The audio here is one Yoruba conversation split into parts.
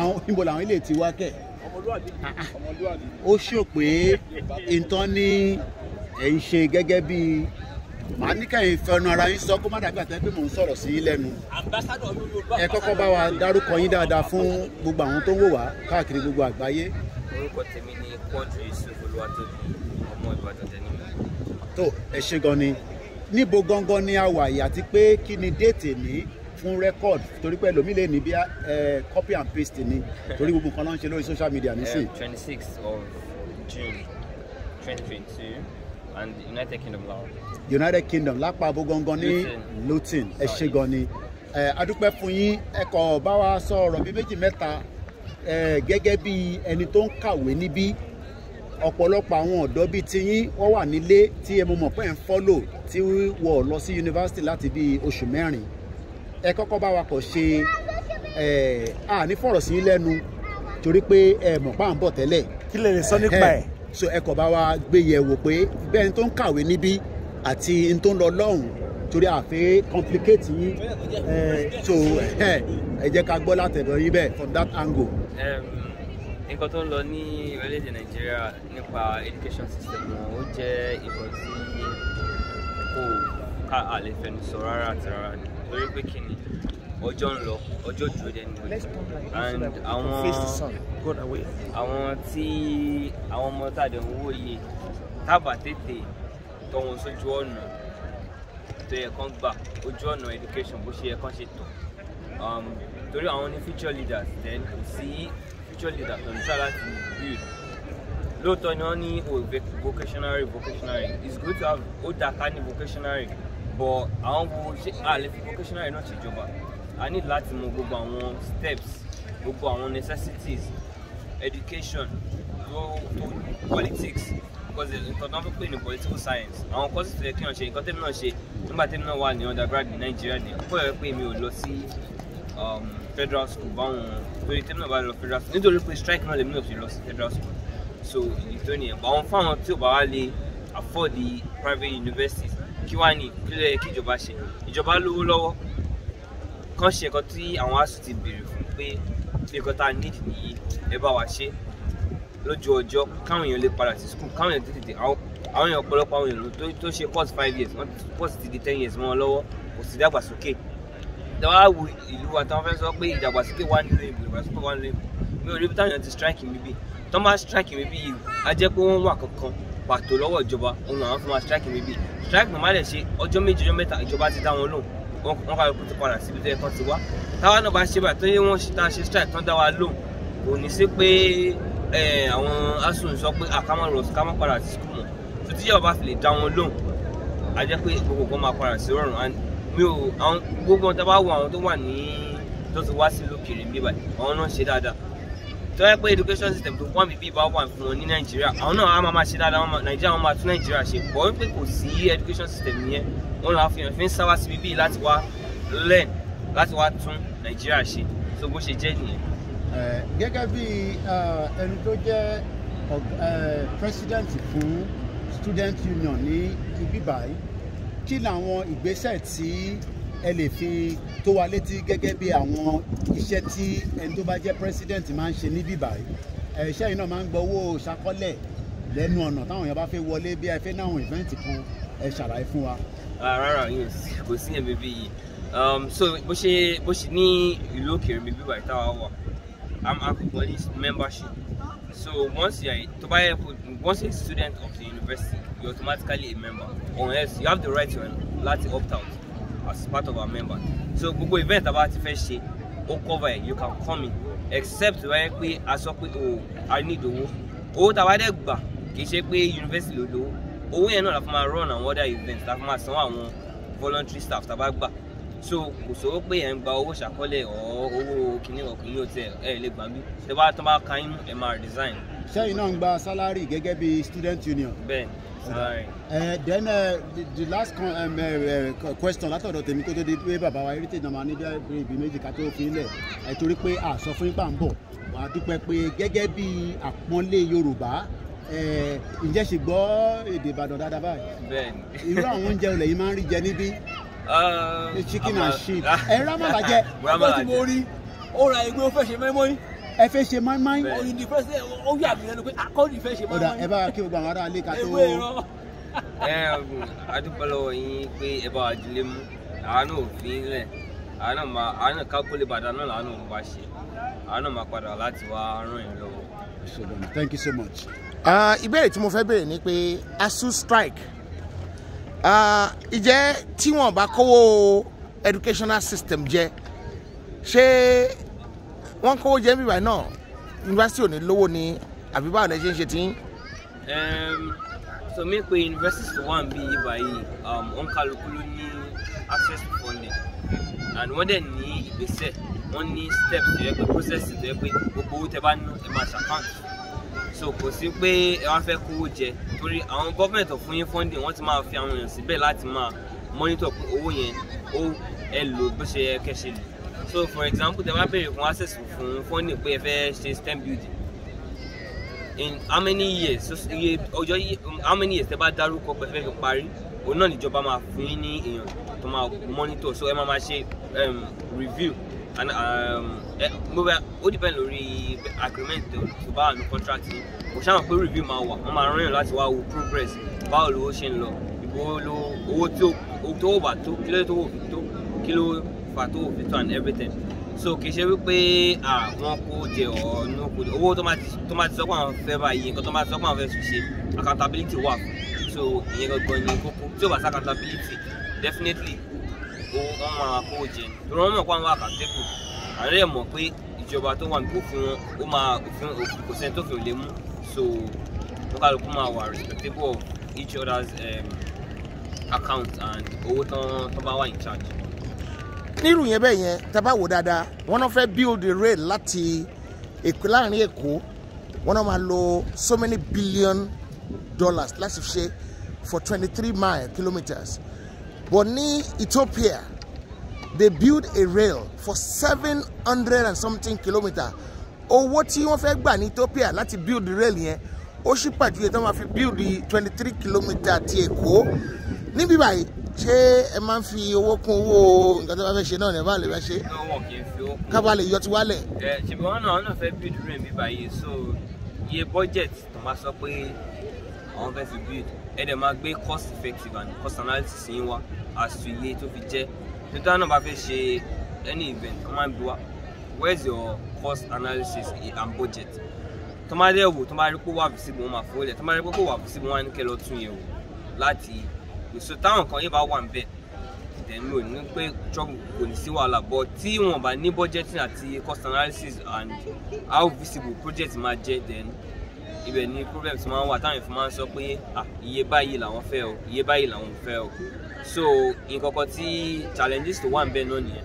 àwọn níbo làwọn ilé ti wá kẹ̀ ó ṣò pé nǹkan ní ẹ̀ ń ṣe gẹ́gẹ́ bíi màá ní kẹ́yìn fẹnu ara yín sọ kó má dàgbà tẹ́ pé mò ń sọ̀rọ̀ sí yín lẹ́nu ẹ kọ́kọ́ bá wa dárúkọ yín dáadáa fún gbogbo àwọn tó ń wò wá káàkiri gbogbo àgbáyé. orúkọ tèmi ni Quadri Yusuf Olúwatóbi ọmọ Ìbàdàn tẹ́lẹ̀ tó ẹ ṣe gan ni níbo gangan ni a wà yìí àti pé kí ni déètì ní fún record torí pé lomi lè ní bí eh, copy and paste ni torí gbogbo nǹkan náà ń ṣe lórí social media eh, nísìn. twenty six of June twenty twenty two and United Kingdom Laos. United Kingdom lápá abogangan ní Luton ẹ ṣé gan ni eh, adúpẹ́ fún yín ẹ̀kọ́ bá wa sọ ọ̀rọ̀ bíi méjì mẹ́ta gẹ́gẹ́ bí ẹni tó ń kàwé níbí ọ̀pọ̀lọpọ̀ àwọn ọ̀dọ́ bíi tiyín wọ́n wà nílé tí ẹ mọ̀ pé ń fọ́lò tí wọ́n lọ sí yunifásitì láti bíi oṣù mẹ́rin ẹ kọ́kọ́ bá wa kọ̀ ṣe a ní fọ̀rọ̀ sí lẹ́nu torí pé ẹ mọ̀ pa ń bọ̀ tẹ́lẹ̀. kí lè lè sọ nípa ẹ̀. so ẹ kọ̀ bá wa gbé yẹ̀ wò pé bẹ́ẹ̀ ni tó ń kàwé níbí àti n tó ń lọ lọ́hùn torí àfẹ́ complicate yín so ẹ jẹ́ ká gbọ́ látẹ̀dọ̀ yín bẹ́ẹ̀ from that angle. nǹkan tó ń lọ ní orílẹ̀-èdè nàìjíríà nípa education system wọn ó jẹ́ ìbọn tí kò ká a lè sọ rárá àti rárá ni torí pé kí ni ọjọ́ ń lọ ọjọ́ dúró dẹnu rẹ̀ and àwọn àwọn tí àwọn ọmọ tàdé ń wò tábà tètè tọ́ wọn sójú ọ̀nà tó yẹ kán gbà ojú ọ̀nà education bó ṣe yẹ kán ṣe tọ̀ um, torí àwọn ní future leaders then kò sí future leaders tó ń try láti build lóòótọ́ ni wọ́n ní vocationary vocationary it's good to have ó dá ká ní vocational but àwọn wo ṣé àlè fún vocational yìí náà ṣèjọba a ní láti mọ gbogbo àwọn steps gbogbo àwọn necessities education to politics because nǹkan tó ń pè ní political science àwọn courses tó yẹ kí n ṣe nǹkan tẹ́mi náà ṣe nígbà tẹ́mi náà wà ní undergrad ní Nigeria. ní ọ̀pọ̀ ẹ̀rọ pé mi ò lọ sí um, federal school báwọn torí tẹ́mi náà bá lọ federal school nítorí pé strike náà lèmi náà fi lọ sí federal school so ìdí tó nìyẹn báwọn fáwọn tí ò bá wá lè afford the private university kí wàá ní kí ló yẹ kí ìjọba ṣe ìjọba lówó lọ́wọ́ kàn ṣe nǹkan tí àwọn asùn ti béèrè fún pé nǹkan tá a nídìí nìyí ẹ bá wa ṣe lójú ọjọ́ káwọn èèyàn lè padà sí skul káwọn èèyàn tètè àwọn èèyàn ọ̀pọ̀lọpọ̀ àwọn èèyàn tó ṣe pọ́s five years wọ́n pọ́s ti di ten years mọ́ wọn lọ́wọ́ kò sì dàgbàsókè dáwà wo ìlú wa táwọn fẹ́ sọ pé ìdàgbàsókè wà nílò ìbò ìdàgbàsókè wà nílò ìbò mi ò rí bí táwọn èèyàn ti strike mi bí tọ́ pàtó lọ́wọ́ ìjọba òun àwọn fún wa strike níbí strike màmá lè ṣe ọjọ́ méjì ọjọ́ mẹ́ta ìjọba ti dá wọn lóhùn wọn kọ́ àlùkò ti padà síbi tó yẹ kán ti wá táwa náà bá ṣe báyìí tó yẹ wọ́n tá a ṣe strike tán dá wa lóhùn kò ní sí pé àwọn asun sọ pé àkámọ́ rọ̀ kámọ́ padà sí sùkúl mọ́ tó tíjọba bá fi lè dá wọn lóhùn a jẹ́ pé gbogbo kan máa padà sí rọrùn mi ò gbogbo wọn bá wọ àwọn tó wà ní tó ti wá sí lókèrè níbàyìí àwọn náà ṣe dáadáa tó yẹ pé education system tó wọ́n mi bí ìbá wà fún wọn ní nàìjíríà àwọn náà á máa máa ṣe dáadáa wọn nàìjíríà wọn máa tún nàìjíríà ṣe bọ́ wípé kò sí education system yẹn wọn làá fi hàn fi ń sáwá síbi bíi láti wá learn láti wá tún nàìjíríà ṣe tó bó ṣe jẹ́ nìyẹn. gẹ́gẹ́ bí ẹni tó jẹ́ president fún student union ní ibí báyìí kí làwọn ìgbésẹ̀ tí ẹ lè fi tó wa létí gẹ́gẹ́ bí àwọn iṣẹ́ tí ẹni tó bá jẹ́ president máa ń ṣe níbí báyìí iṣẹ́ yìí náà máa ń gbọ́ owó ṣàkọlẹ̀ lẹ́nu ọ̀nà táwọn èèyàn bá fẹ́ wọlé bí ẹ náà àwọn ìfẹ́ǹtì kan ẹ ṣàlàyé fún wa. Ah, rárá yìí kò sí yẹn bíbí yìí um, so bó ṣe bó ṣe ní ìlú òkèèrè bíbí báyìí táwa wà I'm akukoli membership so once you are to buy a once a student of the university you automatically a member unless you have the right to láti opt out as part of our member so gbogbo event tá a bá ti fẹ́ ṣe ó cover ẹ̀ you can come in except wẹ́n pé a sọ pé o oh, a need owó owó tá a bá dẹ̀ gbà kì í ṣe pé university ló lówó owó yẹn náà la fi máa run àwọn other events la fi máa sanwó àwọn voluntary staff tá a bá gbà so kò sówó pé ẹ̀ ń gba owó ṣàkọọ́lẹ̀ ọ̀ owó kìíní ọkùnrin yóò tẹ ẹ̀ lè gbà bí ṣé bá tó bá ka yín ẹ̀ máa resign. sẹ́yìn náà ń gba sálárì gẹ́gẹ́ bí student union. bẹ́ẹ̀ Right. Uh, then uh, the, the last con, um, uh, uh, question látọ̀dọ̀ tèmi kó tó di pé bàbá wa heritage náà máa ní bíi ibi méjì ká tó fi ń lẹ̀ ẹ̀ torí pé àsọ fún ipa ń bọ̀ wà á dúpẹ́ pé gẹ́gẹ́ bí àpọ́nlé Yorùbá eh, ǹjẹ́ ṣì gbọ́ èdè Ìbàdàn dáadáa báyìí. Bẹ́ẹ̀ni. Irú àwọn oúnjẹ olè yìí máa ń rí jẹ níbí. Um, Chicken and sheep. Ẹ rámàlà jẹ. Rámàlà jẹ. Ó ti mo rí. Ó ra ìgbé ó fẹ́ ṣe mẹ́mọ́ yìí ẹ fẹ́ ṣe mọ́ínmọ́ín. òyìn ní fẹ́ ṣe ó yà mí lẹ́nu pé akọ́ni fẹ́ ṣe mọ́ínmọ́ín. ọ̀dà ẹ bá kí gbogbo àwọn ará ilé ká tó. ewé rọ. ẹ adúpẹ́ lọ́wọ́ yín pé ẹ bá wa dilé mú àánú òfin lẹ̀ àánú máa àánú kákólé bàdá náà làánú òun wá ṣe àánú máa padà láti wá ràn yín lọ́wọ́. thank you so much. ìbéèrè tí mo fẹ́ béèrè ni pé ASUU strike ìjẹ́ tí wọ́n bá kówó educational system jẹ ṣé wọ́n ń kówó jẹ́ bíbá náà yunifásitì ò ní lówó ni àbí báwo ni ẹ ṣe ń ṣe tí. sọ mi pé universities tó wà ń ibà yìí òǹkàlùkù ló ní access to funding and wọ́n dẹ̀ ní ìgbésẹ̀ wọ́n ní steps tó yẹ pé process tó yẹ pé gbogbo owó tẹ bá ná ẹ máa ṣàkáǹtì so kò sí pé ẹ wá fẹ́ kówó jẹ torí àwọn gọ́ọ̀mẹ̀ntì fún yín funding wọ́n ti máa fi àwọn èèyàn síbẹ̀ láti máa monitor owó yẹn ó ẹ lò bó ṣe yẹ kẹ́ ṣe lò so for example tẹ bá béèrè fún access fún funding pé ẹ fẹ́ STEM building in how many years iye ọjọ́ how many years tẹ bá dárúkọ pé ẹ fẹ́ fi parí òun náà níjọba máa fún yín ní èèyàn tó monitor so ẹ máa máa ṣe um, review and um, mo bẹ ó dìbẹ̀ lórí agreement to bá wà ní contract yìí kò sáà pé review máa wà wọ́n máa rán yàn láti wá wo progress báwo lówó ṣe ń lọ ìbò owó tó wà tó kí ló tó wò fi tó kí ló fa tó and everything so kì í ṣe wípé àwọn kó jẹ ọ̀nà kó jẹ owó tó máa ti sọ pé àwọn fẹ́ báyìí nǹkan tó máa ti sọ àwọn fẹ́ fi ṣe accountability wà so ìyẹn gangan ni kókó tí ò bá sí accountability definitely owó wọn máa kó jẹ torí wọn mọ̀ pé àwọn àkàtẹ́kù àárẹ̀ mọ̀ pé ìjọba tó wà ní òfin wọn ó máa òfin òfin kò sẹ́ni tó fi lè mú so wọn kàlùkù máa wà respectable of each other's um, account and owó tán tó bá wà in charge nírú yẹn bẹ́ẹ̀ yẹn tábà wò dáadáa wọ́n náà fẹ́ build the rail láti èkó láàrin èkó wọ́n náà máa lo so many billion dollars láti ṣe for twenty three mile kilometres but ní Ethiopia they build a rail for seven hundred and something kilometres owó tí wọ́n fẹ́ gbà ní Ethiopia láti build the rail yẹn ó ṣì pàdé yẹn tó máa fi build the twenty three kilometre ti èkó níbí báyìí ṣé ẹ máa ń fi owó kún owó nǹkan tó bá fẹ́ ṣe náà ní ẹ bá lè fẹ́ ṣe. wọn kì í fi owó kún. kábàlì yọ ti wálẹ̀. ẹ ṣùgbọ́n wọn náà wọn náà fẹ́ build room bíbá yìí so iye budget tó máa sọ pé àwọn fẹ́ fi build ẹ dẹ̀ máa gbé cost effective and cost analysis yín wá as to iye tó fi jẹ́ nítorí àwọn náà bá fẹ́ ṣe any event wọ́n máa ń bi wá where's your cost analysis and budget tó máa dẹ̀ wò tó máa rí pé wà fún síbi wọn máa fowó lẹ̀ tó máa rí pé kò wà fún síbi wọn á ní kẹ́ lọ tún yẹ̀ wò láti èso táwọn kan yìí bá wà níbẹ̀ tẹ̀mí ò ní pé trump kò ní sí wàhálà but tí wọn bá ní budgeting àti cost analysis and how visible project máa jẹ́ then ibẹ̀ ni problems máa ń wà táwọn èèyàn máa ń sọ pé iye báyìí làwọn fẹ́ o iye báyìí làwọn fẹ́ o so nǹkan kan tí challenges tó wà níbẹ̀ náà nìyẹn.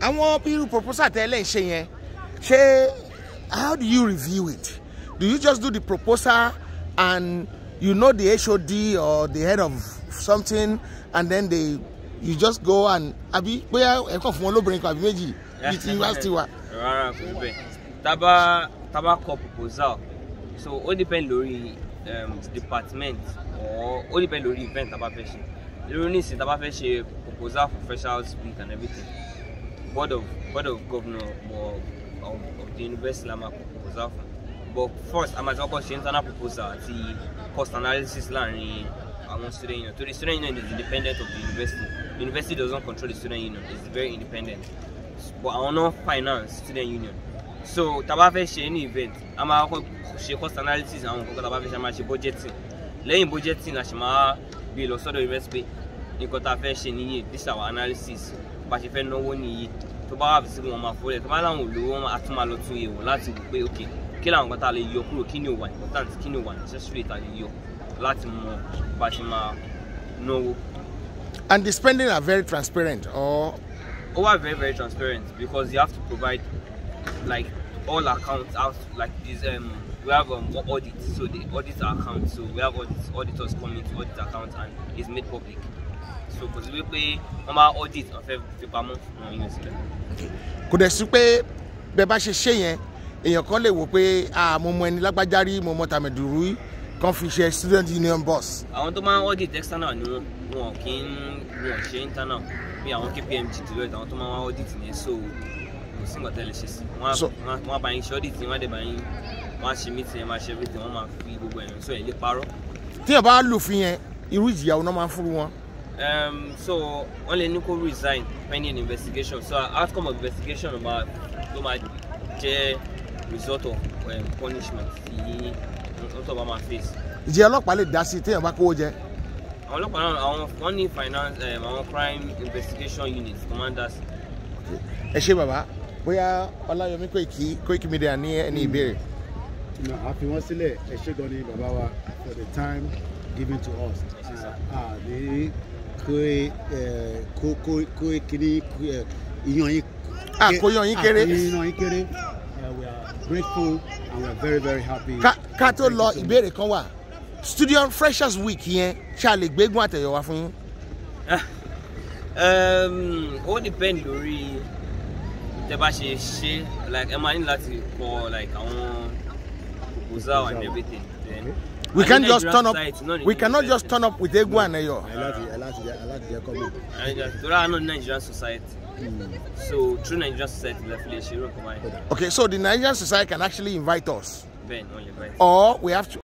àwọn irú proposal tẹ́lẹ̀ ń ṣe yẹn ṣé how do you review it do you just do the proposal and you know the HOD or the head of something and then they you just go and àbí bóyá ẹ̀kọ́ fún olóbìnrin kan àbí méjì bíi ti university wa. rárá kò rí bẹ́ẹ̀ tábà tábà kọ proposal so ó depend lórí um, department or ó depend lórí event tábà fẹ́ ṣe lórí nísìnyí tábà fẹ́ ṣe proposal for freshers week and everything board of board of governor of, of the university la máa proposal fún but first a máa ti kọ́kọ́ ṣe internal proposal àti cost analysis láàrin àwọn student union The student union is independent of the university the university doesn't control the student union it's very independent but àwọn náà finance student union so tá a bá ṣe ní event a máa kọ́kọ́ ṣe cost analysis àwọn nǹkan tá a bá fẹ́ ṣe a máa ṣe budgeting lẹ́yìn budgeting la ṣe máa gbé lọ sọ́dọ̀ university pé nǹkan tá a fẹ́ ṣe nìyí this our analysis bá ṣe fẹ́ náwó nìyí tó bá wà sí wọn máa fọlẹ̀ tó bá láwọn olówó wọn á tún máa lọ tún yẹ̀wò láti wò pé okay kí làwọn nǹkan tá a lè yọ kúrò kí ni ò wà important kí ni ò wà necessary tá a lè yọ láti mọ bá a ṣe máa náwó. and the spending are very transparent or. ó wà very very transparent because you have to provide like all accounts out like this um, we have um, audit so the audit account. so we have audits auditors coming to audit account and it's made public so kò sí wípé wọn bá audit wọn fẹ́ fi pamọ́ fún wọn yín sílẹ̀. kò dẹ̀ sí pé bẹ́ẹ̀ bá ṣe ṣe yẹn èèyàn kan lè wò pé ah mo mọ ẹni lágbájá rí mo mọ tàmẹ̀dùrú kan fi ṣe student union boss. àwọn tó máa ń audit external ni wọn kì í wọn ṣe internal bí àwọn KPMG Deloitte àwọn tó máa ń audit yẹn so kò sí nǹkan tẹ́lẹ̀ ṣe sí wọn bá yín ṣe audit yẹn wọn dẹ̀ bá yín wọn á ṣe meeting yẹn máa ṣe everything wọn máa fi gbogbo ẹ̀yàn sọ ẹ̀ lé parọ́. tíyẹn bá lòfin yẹn irú ìjìyà ọ̀nà máa ń fún wọn. so wọn lè ní kó resign pending investigation so outcome of investigation ló máa jẹ result of um, punishment tí ọtọ bá máa face. ìjẹ́ ọlọ́pàá lè dá sí téèyàn bá kówó jẹ. àwọn ọlọ́pàá náà àwọn wọ́n finance um, àwọn crime investigation unit commanders. ẹ ṣe bàbá bóyá ọláyọmí Koiki Koiki Media ní ẹni ìbéèrè. a fi wọ́n sílẹ̀ ẹ ṣé gan ni bàbá wa for the time given to us. àní e, eh, kó kó kó e kiri eh, iyan yín. àkóyọ yín kéré. àkóyọ yín kéré grateful and we're very very happy. ká tó lọ ìbéèrè kan wà studio freshers week yẹn ṣe a lè gbégun àtẹ̀yẹ̀wá fún yín. Ehm, ó depend lórí tẹ bá ṣe ṣe like ẹ máa ní láti kọ like àwọn proposal and everything. Then, we can't just turn up we cannot just turn up with egwu and eyo. tora i I know nigerian society hmm. So through Nigerian Society, affiliation, Okay, so the Nigerian Society can actually invite us. Then, only, Or we have to